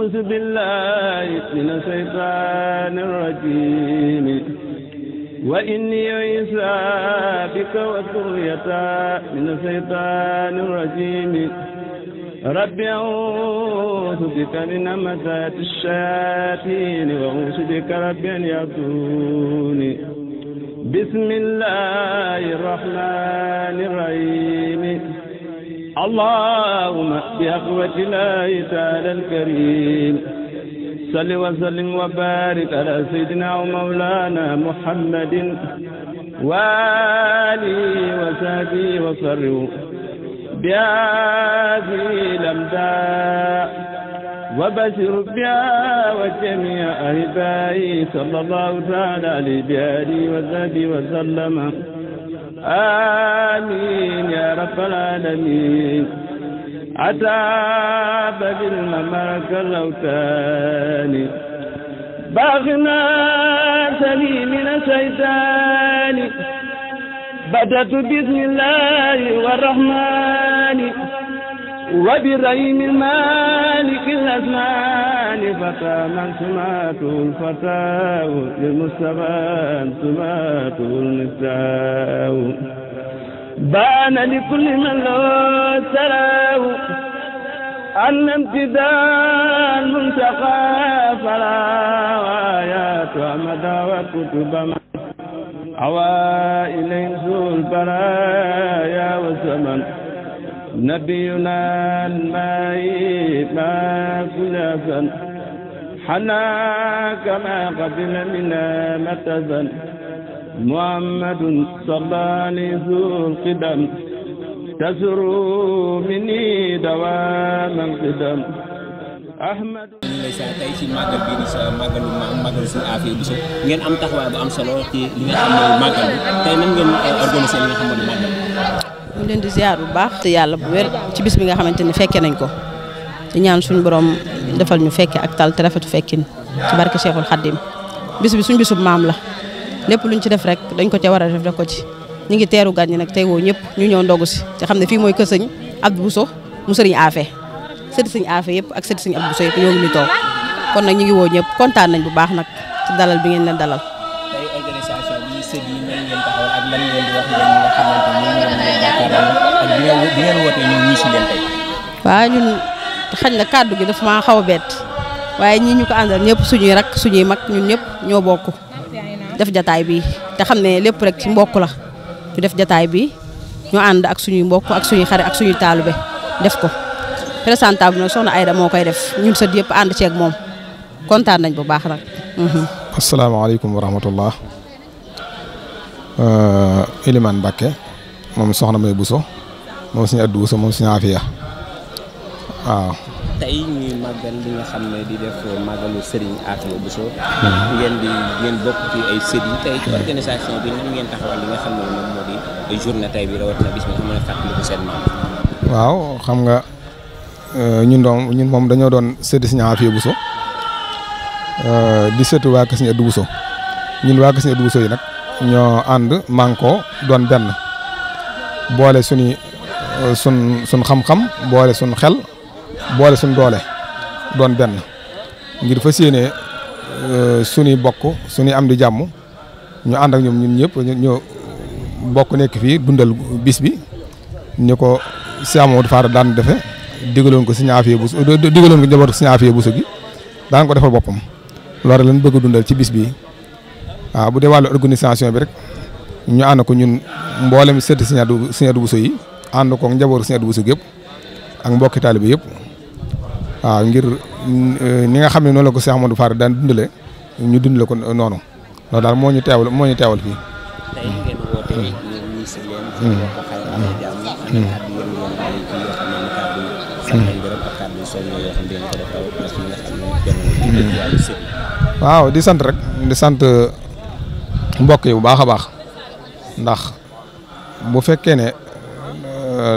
أعوذ بالله من الشيطان الرجيم وإني عيسى بك وذريتا من الشيطان الرجيم رب أعوذ بك من همزات الشياطين وأعوذ بك رب أن يهدوني بسم الله الرحمن الرحيم اللهم بأخوة الله تعالى الكريم صل وسلم وبارك على سيدنا ومولانا محمد وآله وصحبه وسلم بهذه الأمداء وبشر بها وجميع أهبائي صلى الله تعالى عليه بآله وصحبه وسلم آمين يا رب العالمين عتاب بالمملكة الأوتان باغنا سلي من الشيطان بدأت بسم الله والرحمن وبرحيم مالك الأزمان لفتى من سماته الفتاة للمصطفى سماته النساء بان لكل من له سراه أن امتداد منتقى فلا وآيات أمدا وكتب من أوى إليه ذو البرايا والزمن نبينا الماء ما كل فن anaa kama qadina mina matasan muhammadun sabani zul qidam tasuru mini dawaman qidam ahmadu ndeysaan tey ci màggal bii di sa màggalu màggalu suñu affaire bi ngeen am taxawaay bu am solo ci li nga xam tey nan ngeen eh, organisé li nga xam ne màggal ñu leen di ziar bu baax te yàlla bu wér ci bis bi nga xamante ni fekke nañ ko di ñaan suñu borom defal ñu fekke ak tal te rafetu fekkin ci barke Cheikhul Khadim bis suñ bisub maam la lépp luñ ci def rek dañ ko ca war a def def ko ci ñu ngi teeru gan nag tey woo ñëpp ñu ñëw ndogu si te xam ne fii mooy kër sëñ Abdou Bousso mu sëriñ Afe sëti sëñ Afe yëpp ak sëti sëñ Abdou Bousso yëpp ñoo ngi ñu toog kon nag ñu ngi woo ñëpp kontaan nañ bu baax nag ci dalal bi ngeen leen dalal waaw ñun te xañ na kàddu gi daf maa xaw a bett waaye ñii ñu ko àndal ñëpp suñuy rek suñuy mag ñun ñëpp ñoo bokk def jataay bi te xam ne lépp rek ci mbokk la ñu def jataay bi ñu ànd ak suñuy mbokk ak suñuy xare ak suñuy taalube def ko présentable nag soxna Ayda moo koy def ñun sët yëpp ànd ceeg moom kontaan nañ bu baax nag. Mhm. asalaamaaleykum wa rahmatullah euh, Elimane Mbakke moom soxna May Bousso moom suñu addu Bousso moom suñu Afia waaw tey xam ne hmm. hmm. nga waaw xam nga euh, ñun doom ñun moom dañoo doon sëti Serigne Atou Bousso euh, di sëtu waa kër Serigne Abdou ñun waa kër Serigne Abdou yi nag ñoo ànd mànkoo doon benn boole suñu euh, sun sun xam-xam boole sun xel. boole suñ doole doon benn ngir fas yéene euh, suñuy bokk suñuy am di jàmm ñu ànd ak ñoom ñun ñëpp ñu bokk nekk fii dundal bis bi ñu ko siamodu faara daan defe digaloon ko si ñaafee bus digaloon ko njaboot si ñaafee busu gi daan ko defal boppam loolu lañ bëgg dundal ci bis bi waaw bu dee wàllu organisation bi rek ñu ànd ko ñun mboolem sëtt siñadu siñadu busu yi ànd ko njabootu siñadu busu gi yëpp ak mbokki taalibe yëpp waaw ngir euh, ni nga xam ne noonu la ko Cheikh Amadou Fall daan dundale ñu dundale ko noonu loolu daal moo ñu teewal moo ñu teewal fii. waaw di sant rek di sant euh, mbokk yi bu baax a baax ndax bu fekkee ne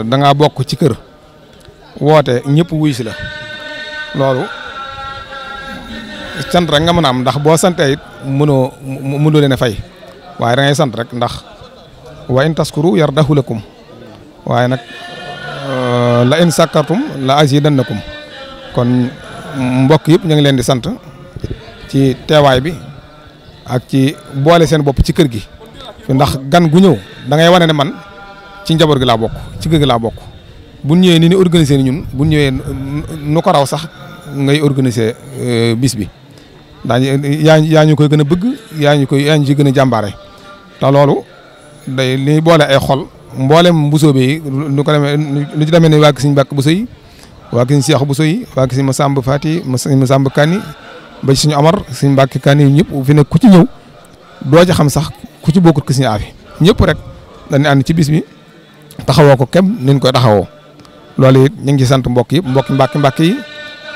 euh, da bokk ci kër woote ñëpp wuy si la. loolu sant rek nga mën a am ndax boo santee it mënoo mënoo leen a fay waaye da sant rek ndax wa in taskuru yardahu lakum waaye nag euh, la in sakkartum la azidannakum kon mbokk yëpp ñu ngi leen di sant ci teewaay bi ak ci boole seen bopp ci kër gi ndax gan gu ñëw dangay ngay wane ne man ci njaboot gi laa bokk ci kër laa bokk bu ñëwee ni ni organiser ni ñun bu ñëwee nu sax ngay organiser euh, bis bi daañu yaa yaa ñu koy gën a bëgg yaa ñu koy yaa ñu ci gën a jàmbaare te loolu day li boole ay xol mboolem mbusoobe yi lu ko demee lu ci demee ne waa Kisiñ Mbàkke bu yi waa Kisiñ Seex bu yi waa Kisiñ Masamba Faati Masamba Masamba Kani ba ci suñu Amar suñu Mbàkke Kani ñëpp fi nekk ku ci ñëw doo ci xam sax ku ci bokkut Kisiñ Aafi ñëpp rek dañuy ànd ci bis bi taxawoo ko kem ni ñu koy taxawoo loolu it ñu ngi ci sant mbokk yëpp mbokk mbàkk mbàkk yi.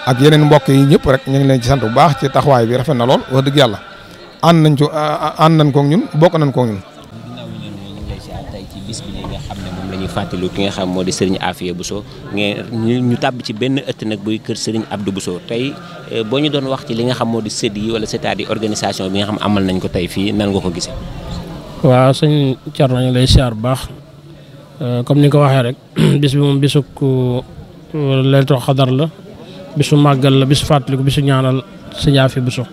ak yeneen mbokk yi ñëpp rek ñu ngi leen ci sant bu baax ci taxawaay bi rafet na lool wax dëgg yàlla ànd nañ ci ànd nañ koog ñun bokk nañ koog ñun. bis bi nga xam ki nga xam moo di sëriñ Afia Bousso ngeen ñu tàbb ci benn ëtt buy kër sëriñ Abdou Bousso tey euh, boo ñu doon wax ci li nga xam moo di sët yi wala c'est-à-dire amal nañ ko tey fii nan nga ko gisee. lay siyaar bu baax euh, comme ni ko waxee rek bis bi moom bisu ku leen xadar la bisu màggal la bisu fàttaliku bisu ñaanal sëñ Afia Bousso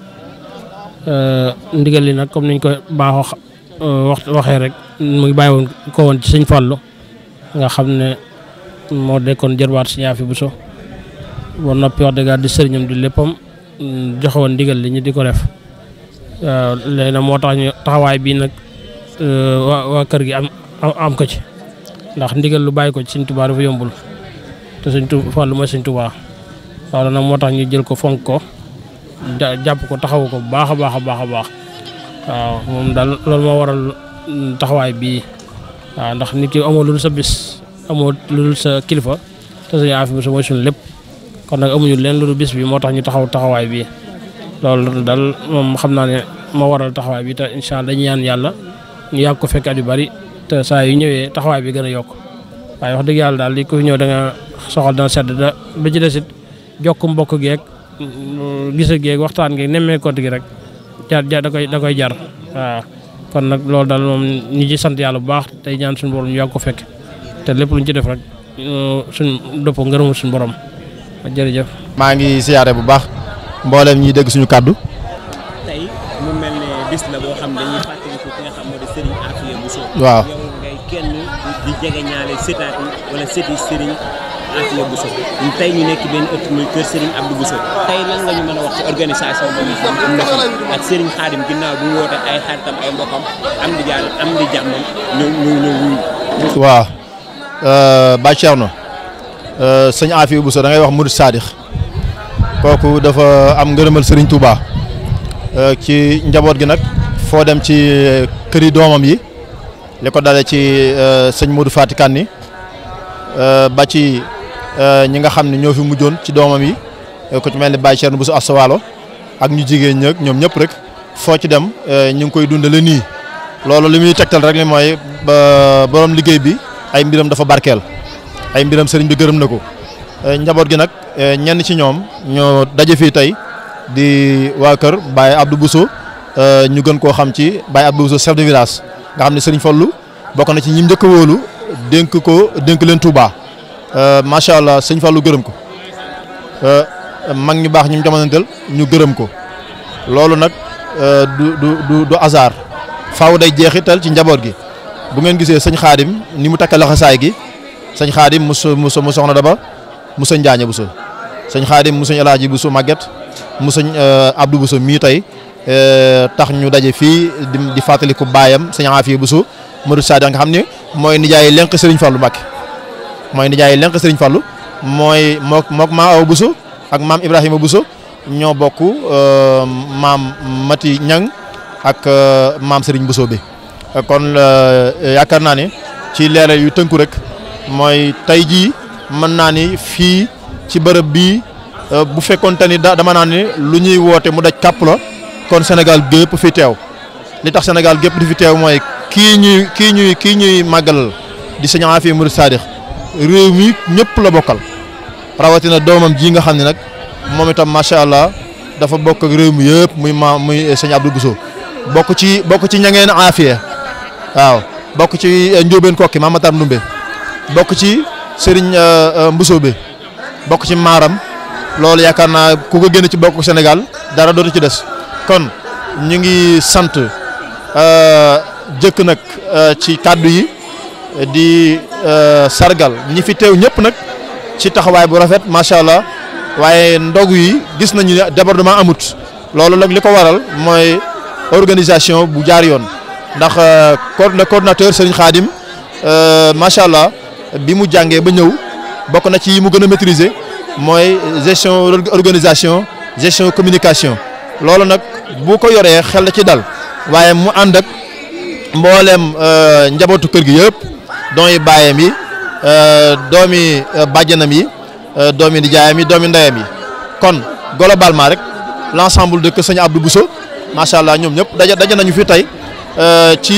euh, ndigal li nag comme niñ koy baaxoo euh, wax waxee rek muy ngi bàyyi woon ko woon ci sëñ Fallou nga xam ne moo dekkoon jërwaat sëñ Afia Bousso ba noppi wax dëgg di sëriñam di léppam joxe ndigal li ñu di ko def léegi na moo tax ñu taxawaay bii nag euh, waa kër gi am am ko ci ndax ndigal lu bàyyi ko ci sëñ Tuubaa dafa yombul te sëñ Tuubaa Fallou loolu nag moo tax ñu jël ko ko jàpp ko taxaw ko bu baax a baax baax a moom daal loolu moo waral taxawaay bii waaw ndax nit ki amoo lul sa amoo lul sa kilifa te suñu lépp kon nag amuñu leen lu bis bi moo tax ñu taxaw taxawaay bii loolu daal moom xam naa ne moo waral taxawaay bi te incha allah dañu yàlla ñu yàgg ko fekk at yu bari te saa yu ñëwee taxawaay bi gën a yokk waaye wax dëgg yàlla daal li ko fi ñëw soxal dana sedd da ba ci jokk mbokk geeg gise geeg waxtaan geeg nemmeekoot gi rek jar jar da koy da koy jar waaw kon nag loolu daal moom ñi ci sant yàlla bu baax tey ñaan suñu borom yàgg ko fekk te lépp luñ ci def rek uh, suñ dëpp ngërëmu suñu borom jërëjëf. maa ngi siyaare bu baax mboolem ñi dégg suñu kàddu. tey waaw Afia Bousso ñun ñu nekk benn ëtt muy kër Serigne Abdou Bousso tey lan nga ñu mën a wax ci organisation bu woote ay xaritam ay mbokkam am di jàll waaw euh, Baye euh, sëñ Afia Bousso da wax Murid Sadikh kooku dafa am ngërëmal Serigne Touba euh, ci njaboot gi nag foo dem ci këri doomam yi li ko dalee ci sëñ Modou Fatickane ni ba ci. Euh, ñi nga xam ne ñoo fi mu mujjoon ci doomam yi euh, ku ci mel ni Baye Thierno Bousso Assawaalo ak ñu jigéen ñëg ñoom ñëpp rek foo ci dem euh, ñu ngi koy dundale nii loolu li muy tegtal rek li mooy borom liggéey bi ay mbiram dafa barkeel ay mbiram sëriñ bi gërëm na ko njaboot gi nag ñenn ci ñoom ñoo daje fi tey di waa kër Baye Abdou Bousso ñu gën koo xam ci Baye Abdou Bousso chef village nga xam ne sëriñ Fallou bokk na ci ñi njëkk a wóolu dénk ko dénk leen Touba. Euh, macha allah sëñ Fallou gërëm ko euh, mag ñu baax ñu jamonanteel ñu gërëm ko loolu nag euh, du du du hasard faaw day jeexital ci njaboot gi bu ngeen gisee sëñ xaadim ni mu takka laxasaay gi sëñ xaadim mu mu mu soxna daba mu sëñ jaaña bu so sëñ xaadim mu sëñ alaaji bu so màgget mu sëñ abdou bu so mii tey tax ñu daje fii di fàttaliku baayam sëñ aafiya bu so Modou Sadio nga xam ne mooy nijaay lenk Serigne Fallou Mbacké mooy nijaay lenk Serigne Fallou mooy mook mook maa aw Bousso ak maam Ibrahima Bousso ñoo bokk euh, maam Mati Ñang ak euh, maam Serigne Bousso bi kon euh, yaakaar naa ni ci leeral yu tënku rek mooy tey ji mën naa ni fii ci bërëb bi bu fekkoonte ni dama naa ni lu ñuy woote mu daj kàpp la kon Sénégal gépp fi teew li tax senegal gépp di fi teew mooy kii ñuy kii ñuy kii ñuy màggalal di Sëñ Afia Mouride réew mi ñëpp la bokkal rawatina doomam ji nga xam ni nag moom itam macha allah dafa bokk réew mi yëpp muy ma muy sëñ Abdou Bousso bokk ci bokk ci ñangeen aafiya waaw bokk ci eh, njóobeen kokki Mame Matar Ndumbe bokk ci sëriñ eh, eh, Mbuso bi bokk ci maaram loolu yaakaar naa ku ko ci bokk senegal dara dootu ci des kon ñu ngi sant jëkk nag ci kàddu yi di Euh, sargal ñi fi teew ñëpp nag ci taxawaay bu rafet macha allah waaye ndogu yi gis nañu ne débordement amut loolu nag li ko waral mooy organisation bu jaar yoon ndax euh, le coordonnateur Serigne Khadim euh, macha allah bi mu jàngee ba ñëw bokk na ci yi mu gën a maîtriser mooy gestion organisation gestion communication loolu nag bu ko yoree xel la ci dal waaye mu ànd ak mbooleem njabootu kër gi yëpp. doomi baayam yi euh, doomi euh, bàjjanam yi euh, doomi nijaayam yi doomi ndeyam yi kon globalement rek l' ensemble de Kër Sëñ Abdou Bousso macha allah ñoom ñëpp daja daje nañu fi tey ci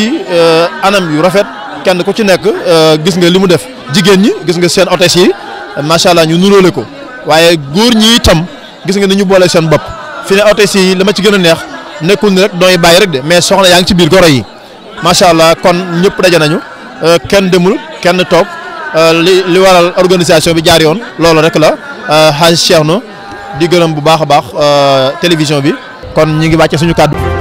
anam yu rafet kenn ku ci nekk gis nga li mu def jigéen ñi gis nga seen hôtesse yi macha allah ñu nuroole ko waaye góor ñi itam gis nga ni ñu boole seen bopp fi ne hôtesse yi li ma ci gën a neex nekkul ni rek yi bàyyi rek de mais soxna yaa ngi ci biir goro yi macha allah kon ñëpp daje nañu. Euh, kenn demul kenn toog euh, li li waral organisation bi jaar yoon loolu rek la euh, Hadj Cheikhna di gërëm bu baax a baax télévision bi kon ñu ngi wàcce suñu kàddu.